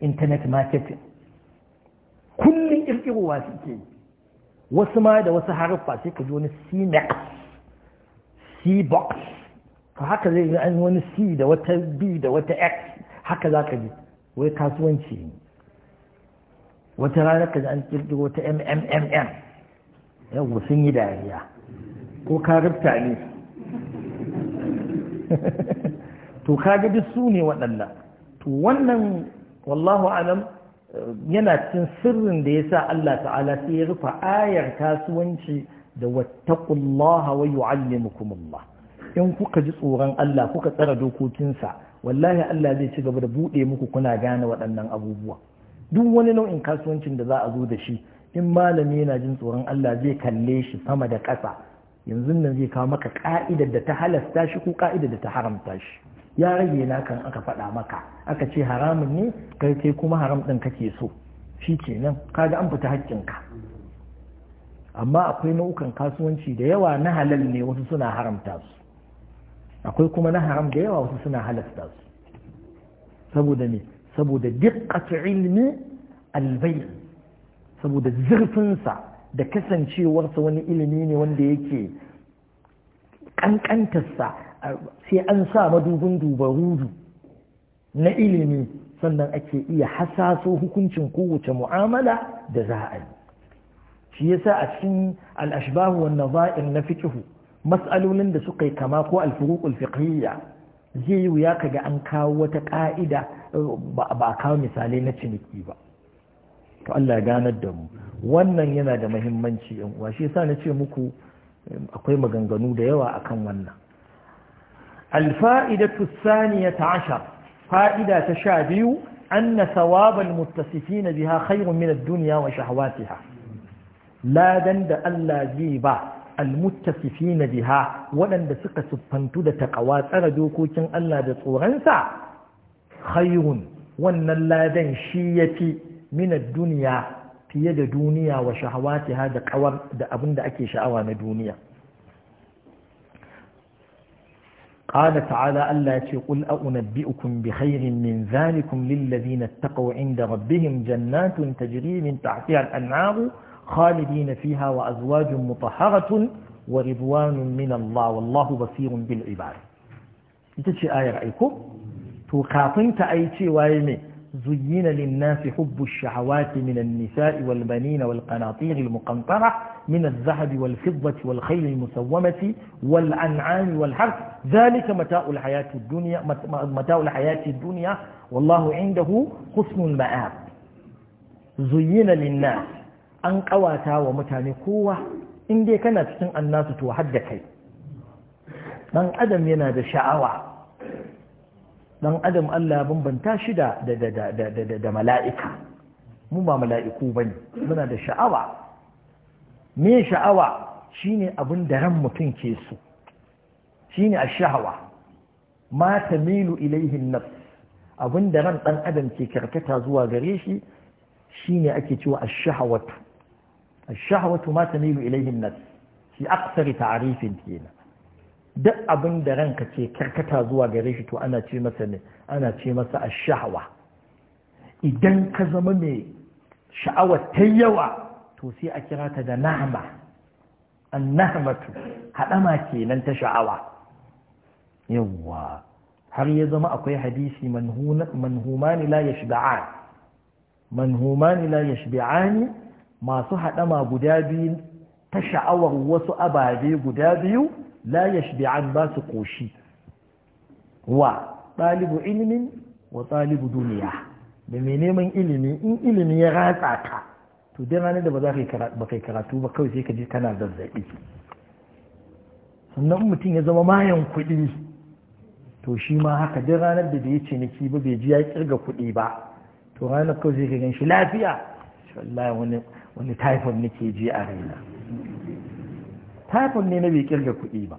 internet marketing kullum kirkirowa suke wasu ma da wasu haruffa sai ka ji wani C box. to haka zai yi an wani c da wata b da wata x haka za ka ji wai kasuwanci ne wata rana ka ji an kirkiro wata mmmm yau sun yi dariya ko ka rubta ne to ka ga duk su ne waɗannan to wannan wallahu alam yana cikin sirrin da ya sa Allah ta'ala sai ya rufa ayar kasuwanci da wattaqullaha wa yu'allimukumullah in kuka ji tsoron Allah kuka tsara dokokinsa wallahi Allah zai ci gaba da buɗe muku kuna gane waɗannan abubuwa duk wani nau'in kasuwancin da za a zo da shi in malami yana jin tsoron Allah zai kalle shi sama da ƙasa yanzu nan zai kawo maka ka'idar da ta halasta shi ko ka'idar da ta haramta shi ya rage na kan aka faɗa maka aka ce haramun ne kai kai kuma haram ɗin kake so shi ke kenan kaga an fita haƙƙinka amma akwai nau'ukan kasuwanci da yawa na halal ne wasu suna haramta su akwai kuma na haram da yawa wasu suna halasta su saboda ne saboda diqqatu ilmi albai saboda zurfinsa da kasancewarsa wani ilimi ne wanda yake kankantarsa sai an sa madubin dubarudu na ilimi sannan ake iya hasaso hukuncin kowace mu'amala da za a yi shi yasa a cikin al'ashbahu wa naza'ir na fikihu mas'alolin da suka yi kama ko alfuruqul fiqhiyya zai yi wuya kaga an kawo wata ka'ida ba a kawo misalai na ciniki ba to Allah ya ganar da mu wannan yana da muhimmanci yan uwa shi yasa nace muku akwai maganganu da yawa akan wannan ta fa'ida الفائدة الثانية عشر فائدة تشابه أن ثواب المتصفين بها خير من الدنيا وشهواتها da Allah zai ba. almuttasifina biha waɗanda suka siffantu da taƙawa tsara dokokin Allah da tsoronsa khayrun wannan ladan shi ya min ad duniya fiye da duniya wa shahawatiha da kawar da abin da ake sha'awa na duniya قال تعالى ألا قل أنبئكم بخير من ذلكم للذين اتقوا عند ربهم جنات تجري من تحتها anharu خالدين فيها وأزواج مطهرة ورضوان من الله والله بصير بالعباد تتشي آية رأيكم تقاطن تأيتي وايمي زين للناس حب الشهوات من النساء والبنين والقناطير المقنطرة من الذهب والفضة والخيل المسومة والأنعام والحرث ذلك متاع الحياة الدنيا متاع الحياة الدنيا والله عنده حسن المآب زين للناس an ƙawata wa mutane kowa in dai kana cikin annasu to har da kai dan adam yana da sha'awa dan adam Allah bambanta shi da da mala'ika mu ba mala'iku bane muna da sha'awa me sha'awa shine abin da ran mutum ke so shine ash-shahawa ma tamilu ilayhi an-nafs abin da ran dan adam ke karkata zuwa gare shi shine ake cewa ash-shahawatu الشهوة ما تميل إليه النفس في أقصر تعريف كينا duk abin da ranka ce karkata zuwa gare shi to ana ce masa ne ana ce masa ash-shahwa idan ka zama mai sha'awa ta yawa to sai a kira ta da nahma an-nahmatu hadama kenan ta sha'awa yawa har ya zama akwai hadisi manhumani la yashba'an manhumani la yashba'ani masu haɗama guda biyu ta sha'awar wasu ababe guda biyu la yashbi'an ba su koshi wa ɗalibu ilimin wa ɗalibu duniya da mai neman ilimi in ilimi ya ratsa ka to dai ranar da ba za ka yi karatu ba kawai sai ka ji kana zazzaɓi sannan mutum ya zama mayan kuɗi to shi ma haka dai ranar da bai ciniki ba bai ji ya kirga kuɗi ba to ranar kawai sai ka gan shi lafiya wani typhoid nake ji a raina typhoid ne na bai kirga kuɗi ba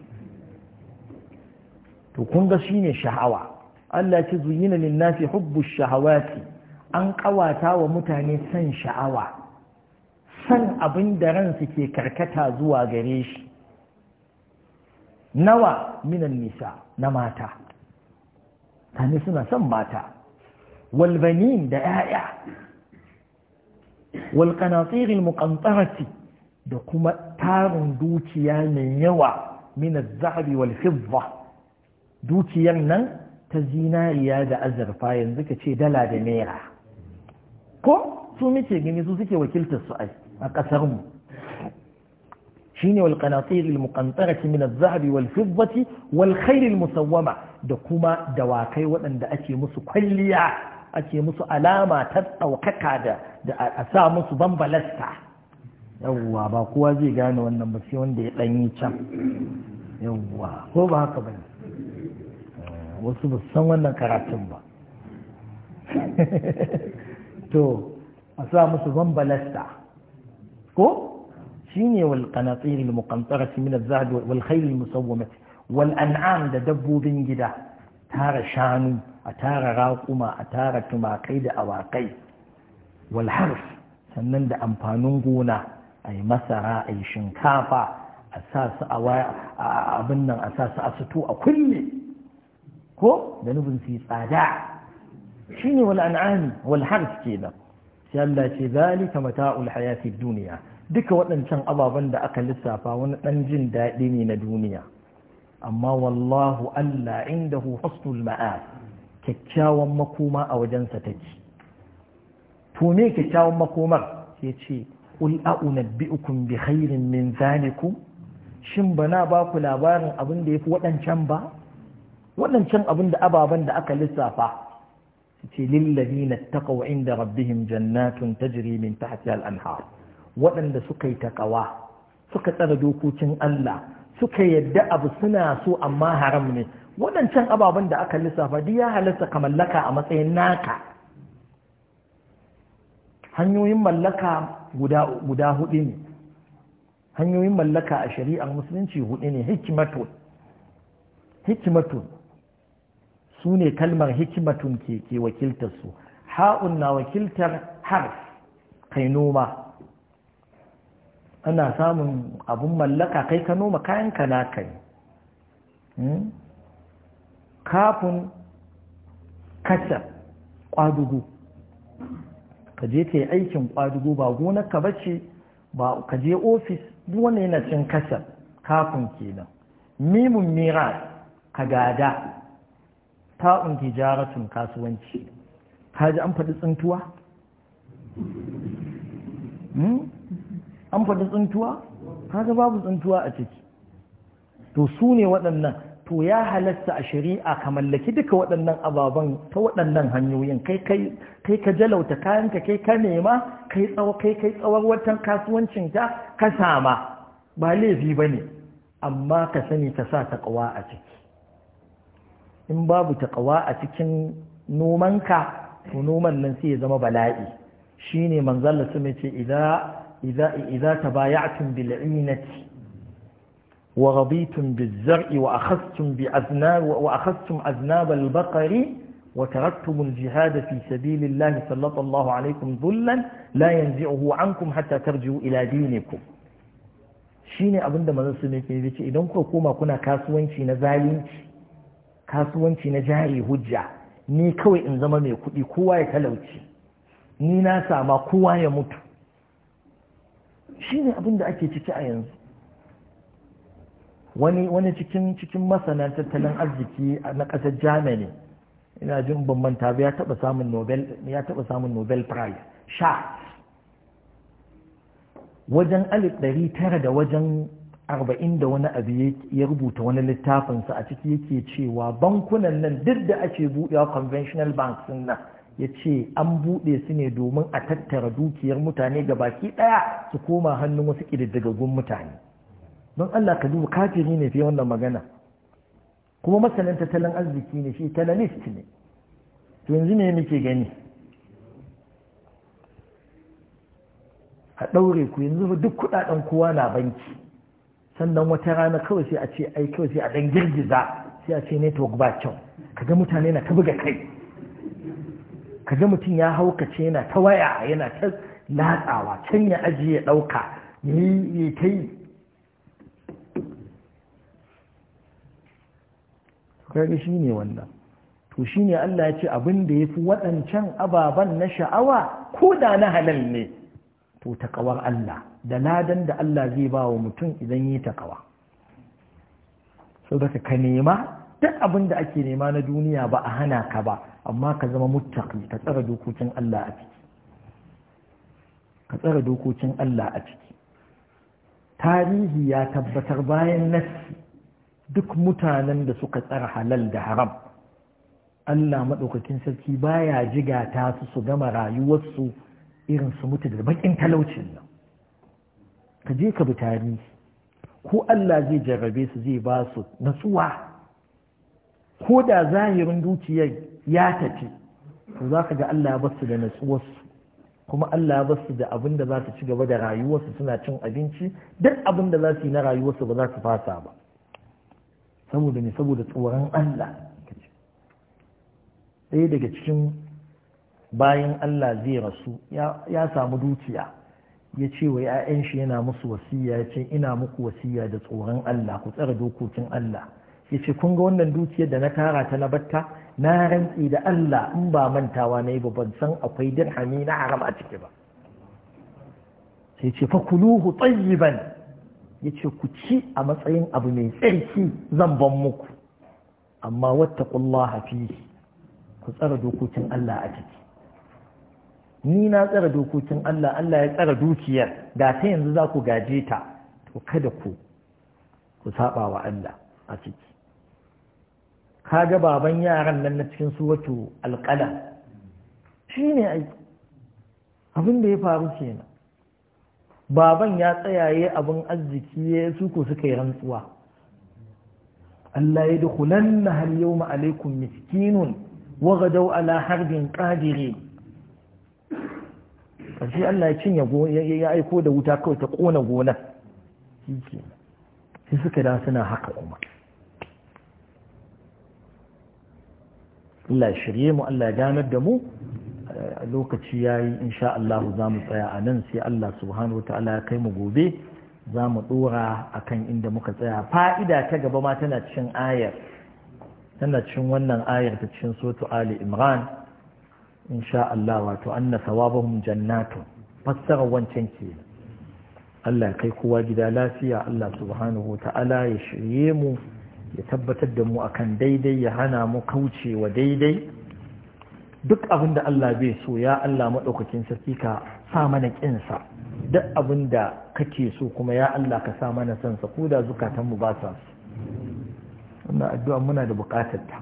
to kun ga shine sha'awa Allah ce zuyina linnasi hubbu shahawati an kawata wa mutane san sha'awa san abin da ransu ke karkata zuwa gare shi nawa minan nisa na mata tani suna son mata walbanin da 'ya'ya wal qanatir al da kuma taron dukiya mai yawa min az-zahabi dukiyar nan ta zinariya da azurfa yanzu ka ce dala da naira ko su muke gani su suke wakiltar su a ƙasar mu shine wal qanatir al muqantarati min az-zahabi wal fiddati wal da kuma dawakai waɗanda ake musu kwalliya ake musu alama ta ɗaukaka da a sa musu bambalasta yawwa ba kowa zai gane wannan ba sai wanda ya ɗanyi can yawwa ko ba haka ba eh, wasu ba san wannan karatun ba to a sa musu bambalasta ko shine wal qanatir al muqantarati min al zahab wal khayl al musawwamati wal an'am da dabbobin gida tara shanu a tara raƙuma a tara tumakai da awakai walharf sannan da amfanin gona a yi masara a yi shinkafa a sa su a abin nan a sa su a suto a kulle ko da nufin su yi tsada shi ne wal an'ami wal harf kenan sai Allah ce mata mata'ul hayatid duniya duka waɗancan ababen da aka lissafa wani ɗan jin daɗi ne na duniya amma wallahu Allah hu husnul ma'ab kyakkyawan makoma a wajensa take to me kyakkyawan makomar sai ce qul a'unabbi'ukum bi khairin min zalikum shin bana ba ku labarin abin da yafi waɗancan ba waɗancan abin da ababen da aka lissafa ce lillazina taqaw inda rabbihim jannatun tajri min tahtiha al-anhar waɗanda suka yi takawa suka tsara dokokin Allah suka yadda abu suna so amma haram ne waɗancan ababen da aka lissafa duk ya halatta ka mallaka a matsayin naka hanyoyin mallaka guda hudu ne hanyoyin mallaka a shari'ar musulunci hudu ne hikimatun hikimatun su ne kalmar hikimatun ke wakiltar su ha'un na wakiltar har kai noma ana samun abun mallaka kai ka noma kayan ka na-kai? Hmm? kafin kaca kwadugu ka je ka yi aikin kwadugu ba ka ba ce ba ka je ofis wani yana cin kasa kafin kenan mimun mira ka gada Ta ta'un jaratun kasuwanci ka ji an faɗi tsintuwa hmm? an faɗi tsuntuwa kaga babu tsuntuwa a ciki to su ne waɗannan to ya halatta a shari'a ka mallaki duka waɗannan ababen ta waɗannan hanyoyin kai ka jalauta kayanka kai ka nema kai kai kai tsawon watan kasuwancin ka ka sama ba laifi ba ne amma ka sani ka sa taƙawa a ciki in babu taƙawa a cikin nomanka to noman nan sai ya zama bala'i shine manzalla su ce idan إذا تبايعتم بالعينة ورضيتم بالزرع وأخذتم, بأذناب وأخذتم أذناب البقر وتركتم الجهاد في سبيل الله سلط الله عليكم ذلا لا ينزعه عنكم حتى ترجعوا إلى دينكم shine abin da manzon sun yake yace idan kuka koma kuna kasuwanci na zalunci kasuwanci na jari hujja ni kawai in zama mai kuɗi kowa ya talauci ni na sama kowa ya mutu shi ne abin da ake ciki a yanzu wani wani cikin cikin masana tattalin arziki na ƙasar germany ina jin bambanta, manta ba ya taɓa samun nobel ya taɓa prize sha wajen alif ɗari tara da wajen arba'in da wani abu ya rubuta wani littafinsa a ciki yake cewa bankunan nan duk da ake buɗewa conventional banks nan ya ce an buɗe su ne domin a tattara dukiyar mutane ga baki ɗaya su koma hannun wasu ƙididdigaggun mutane don Allah ka duba kafiri ne fiye wannan magana kuma masanin tattalin arziki ne shi talanist ne to yanzu ne muke gani a ɗaure ku yanzu duk kuɗaɗen kowa na banki sannan wata rana kawai sai a ce ai kawai sai a ɗan girgiza sai a ce network ba kyau ga mutane na ka buga kai ka ga mutum ya haukace yana ta waya yana ta latsawa can ya ajiye ya ɗauka ya yi ta yi kaga shi ne wannan to shi ne Allah ya ce abin ya fi waɗancan ababen na sha'awa ko da na halal ne to ƙawar Allah da ladan da Allah zai ba wa mutum idan yi ƙawa. sau da ka nema duk abin da ake nema na duniya ba a hana ka ba amma ka zama muttaqi ka tsara dokokin Allah a ciki ka tsara dokokin Allah a ciki tarihi ya tabbatar bayan nassi duk mutanen da suka tsara halal da haram Allah maɗaukakin sarki baya jigata su su gama rayuwarsu irin su mutu da bakin talaucin nan ka je ka bi tarihi ko Allah zai jarrabe su zai ba su natsuwa ko da zahirin dukiyar ya tafi to za ka ga Allah ya basu da natsuwarsu kuma Allah ya basu da abin da za su ci gaba da rayuwarsu suna cin abinci duk abin da za su yi na rayuwarsu ba za su fasa ba saboda ne saboda tsoron Allah ɗaya daga cikin bayan Allah zai rasu ya samu dukiya ya ce wa 'ya'yan shi yana musu wasiya ya ce ina muku wasiya da tsoron Allah ku tsara dokokin Allah yace kun ga wannan dukiyar da na tara ta na batta na rantsi da Allah in ba mantawa na yi ban san akwai dirhami na haram a ciki ba sai ce fakuluhu tsayiban ya ce ku ci a matsayin abu mai tsarki zan ban muku amma wata ƙulla hafi ku tsara dokokin Allah a ciki ni na tsara dokokin Allah Allah ya tsara dukiyar ga ta yanzu za ku gaje ta to kada ku ku saba wa Allah a ciki Ka ga baban yaran nan na cikin wato alƙala shi ne aiki. abin da ya faru kenan baban ya tsayaye abin arziki ya su ko suka yi rantsuwa Allah ya dukulan na har yau alaikum miskinun wa gadau ala harbin ƙadiri ƙarshe Allah ya cinye ya aiko da wuta kawai ta ƙona gonar shi suka da suna haka kuma Allah ya shirye mu Allah ya ganar da mu lokaci yayi insha Allah za mu tsaya a nan sai Allah subhanahu ta'ala ya kai mu gobe za mu dora kan inda muka tsaya fa'ida ta gaba ma tana cikin ayar tana cikin wannan ayar ta cikin sotu Ali Imran insha Allah wato anna thawabahum jannatu fassara wancan ke Allah ya kai kowa gida lafiya Allah subhanahu ta'ala ya shirye mu ya tabbatar da mu akan daidai ya hana mu kaucewa daidai duk abin da Allah bai so ya Allah maɗaukakin sarki ka sa mana ƙinsa duk abin da kake so kuma ya Allah ka sa mana sansa ko da zukatanmu ba sa su wannan addu'a muna da buƙatar ta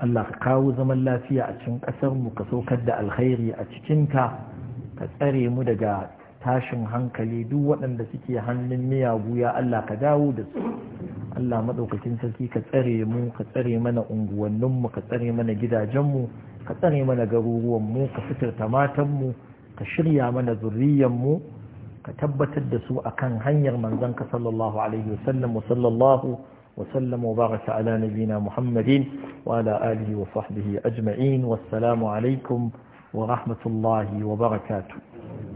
Allah ka kawo zaman lafiya a cikin mu ka saukar da alkhairi a cikin ka ka tsare mu daga tashin hankali duk waɗanda suke hannun miyagu ya Allah ka dawo da su Allah maɗaukakin sarki ka tsare mu ka tsare mana unguwanninmu ka tsare mana gidajenmu ka tsare mana garuruwanmu ka fitarta mu ka shirya mana mu ka tabbatar da su akan hanyar ka sallallahu alaihi sallam wa sallallahu muhammadin wa ala alihi wa وعلى ajma'in wa أجمعين alaikum wa rahmatullahi wa وبركاته